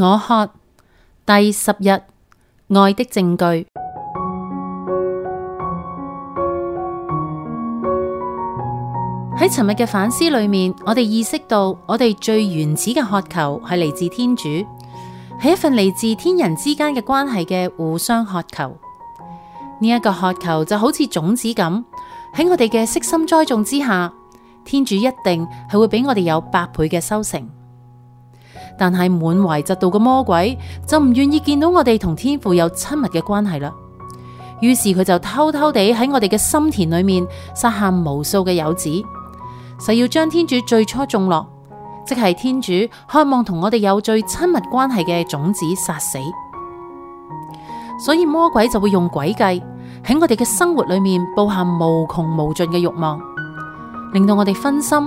我渴第十日愛的證據。喺尋日嘅反思裏面，我哋意識到我哋最原始嘅渴求係嚟自天主，係一份嚟自天人之間嘅關係嘅互相渴求。呢、這、一個渴求就好似種子咁，喺我哋嘅悉心栽種之下，天主一定係會俾我哋有百倍嘅收成。但係滿懷嫉妒嘅魔鬼就唔願意見到我哋同天父有親密嘅關係啦，於是佢就偷偷地喺我哋嘅心田裏面撒下無數嘅莠子，誓要將天主最初種落，即係天主渴望同我哋有最親密關係嘅種子殺死。所以魔鬼就會用詭計喺我哋嘅生活裏面佈下無窮無盡嘅慾望，令到我哋分心。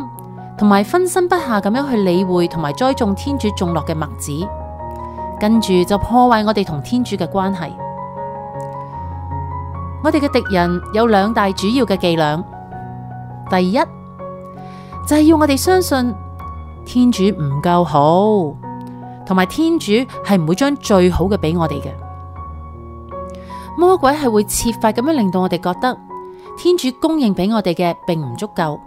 同埋分身不暇咁樣去理會，同埋栽種天主種落嘅麥子，跟住就破壞我哋同天主嘅關係。我哋嘅敵人有兩大主要嘅伎倆，第一就係要我哋相信天主唔夠好，同埋天主係唔會將最好嘅俾我哋嘅。魔鬼係會設法咁樣令到我哋覺得天主供應俾我哋嘅並唔足夠，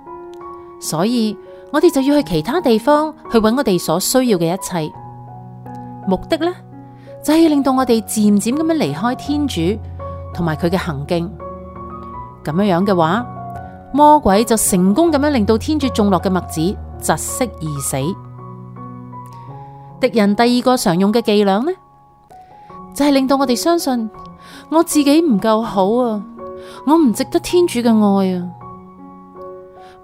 所以。我哋就要去其他地方去搵我哋所需要嘅一切，目的呢，就係令到我哋漸漸咁樣離開天主同埋佢嘅行徑。咁樣樣嘅話，魔鬼就成功咁樣令到天主種落嘅麥子窒息而死。敵人第二個常用嘅伎倆呢，就係令到我哋相信我自己唔夠好啊，我唔值得天主嘅愛啊。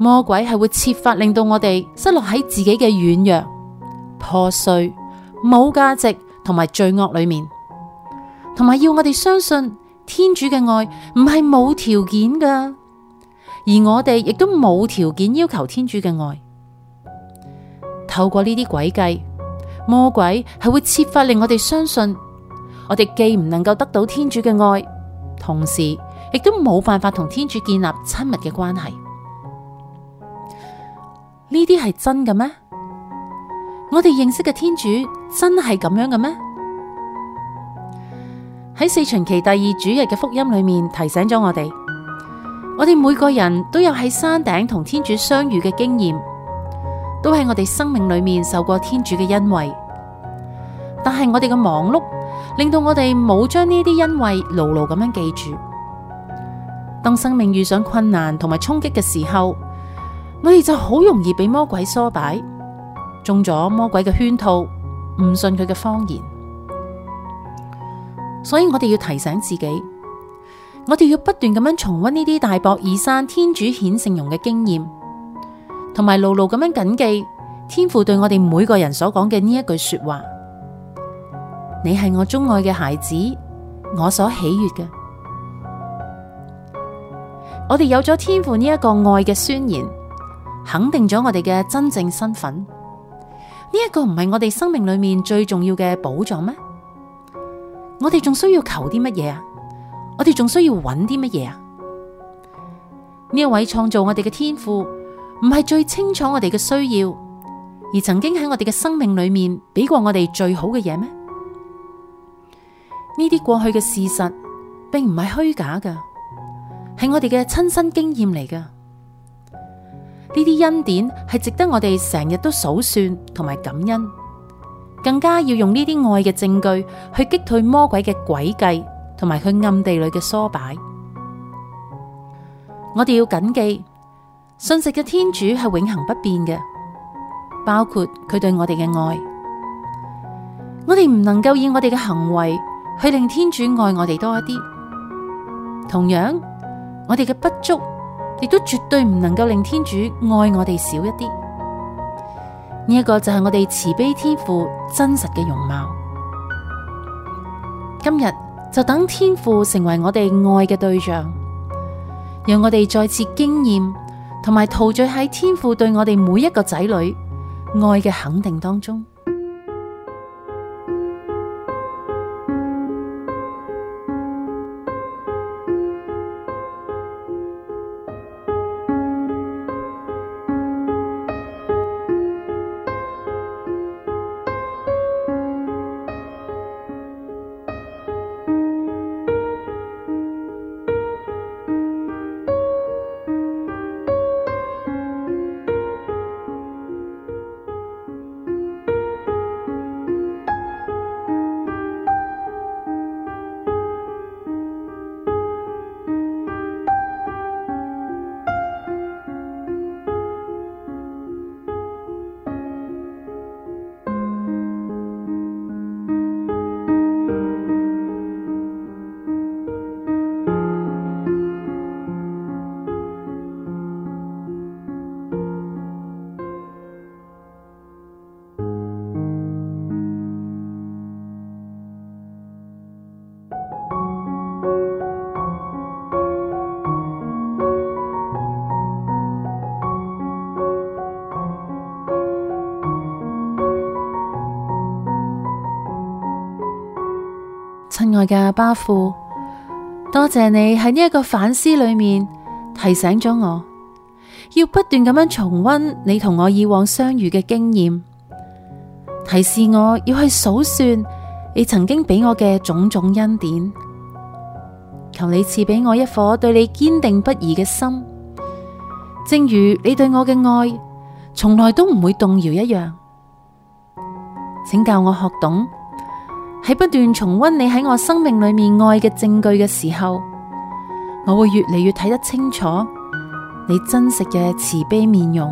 魔鬼係會設法令到我哋失落喺自己嘅軟弱、破碎、冇價值同埋罪惡裏面，同埋要我哋相信天主嘅愛唔係冇條件噶，而我哋亦都冇條件要求天主嘅愛。透過呢啲詭計，魔鬼係會設法令我哋相信，我哋既唔能夠得到天主嘅愛，同時亦都冇辦法同天主建立親密嘅關係。呢啲係真嘅咩？我哋認識嘅天主真係咁樣嘅咩？喺四旬期第二主日嘅福音裏面提醒咗我哋，我哋每個人都有喺山頂同天主相遇嘅經驗，都喺我哋生命裏面受過天主嘅恩惠。但係我哋嘅忙碌令到我哋冇將呢啲恩惠牢牢咁樣記住。當生命遇上困難同埋衝擊嘅時候，我哋就好容易俾魔鬼唆擺，中咗魔鬼嘅圈套，唔信佢嘅謊言。所以我哋要提醒自己，我哋要不斷咁樣重溫呢啲大博爾山天主顯聖容嘅經驗，同埋牢牢咁樣謹記天父對我哋每個人所講嘅呢一句說話：你係我鍾愛嘅孩子，我所喜悅嘅。我哋有咗天父呢一個愛嘅宣言，肯定咗我哋嘅真正身份，呢一個唔係我哋生命裏面最重要嘅寶藏咩？我哋仲需要求啲乜嘢啊？我哋仲需要揾啲乜嘢啊？呢一位創造我哋嘅天父，唔係最清楚我哋嘅需要，而曾經喺我哋嘅生命裏面俾過我哋最好嘅嘢咩？呢啲過去嘅事實，並唔係虛假嘅，係我哋嘅親身經驗嚟嘅。呢啲恩典係值得我哋成日都數算同埋感恩，更加要用呢啲愛嘅證據去擊退魔鬼嘅詭計，同埋佢暗地裏嘅唆擺。我哋要謹記，信實嘅天主係永恒不變嘅，包括佢對我哋嘅愛。我哋唔能夠以我哋嘅行為去令天主愛我哋多一啲，同樣我哋嘅不足，亦都絕對唔能夠令天主愛我哋少一啲，呢一個就係我哋慈悲天父真實嘅容貌。今日就等天父成為我哋愛嘅對象，讓我哋再次經驗同埋陶醉喺天父對我哋每一個仔女愛嘅肯定當中。愛嘅阿爸父，多謝你喺呢一個反思裏面提醒咗我，要不斷咁樣重溫你同我以往相遇嘅經驗，提示我要去數算你曾經俾我嘅種種恩典。求你賜俾我一顆對你堅定不移嘅心，正如你對我嘅愛從來都唔會動搖一樣，請教我學懂。喺不斷重溫你喺我生命裏面愛嘅證據嘅時候，我會越嚟越睇得清楚你真實嘅慈悲面容。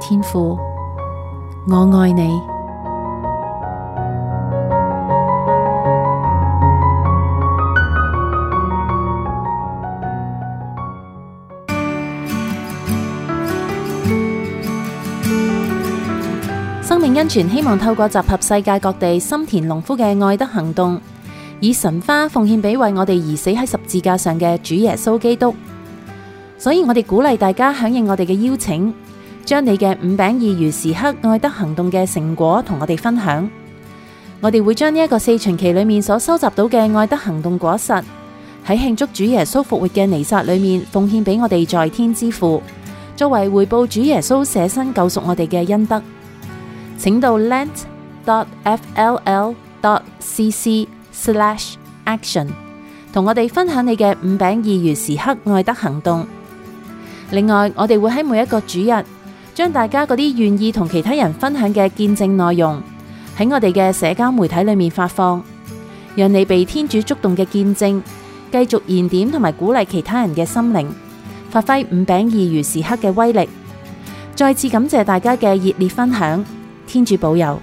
天父，我愛你。恩泉希望透過集合世界各地心田農夫嘅愛德行動，以神花奉獻俾為我哋而死喺十字架上嘅主耶穌基督。所以我哋鼓勵大家響應我哋嘅邀請，將你嘅五餅二魚時刻愛德行動嘅成果同我哋分享。我哋會將呢一個四旬期裏面所收集到嘅愛德行動果實，喺慶祝主耶穌復活嘅彌撒裏面奉獻俾我哋在天之父，作為回報主耶穌捨身救贖我哋嘅恩德。請到 lent.fll.cc/action 同我哋分享你嘅五餅二魚時刻愛德行動。另外，我哋會喺每一個主日將大家嗰啲願意同其他人分享嘅見證內容，喺我哋嘅社交媒體裏面發放，讓你被天主觸動嘅見證繼續燃點，同埋鼓勵其他人嘅心靈，發揮五餅二魚時刻嘅威力。再次感謝大家嘅熱烈分享。天主保佑。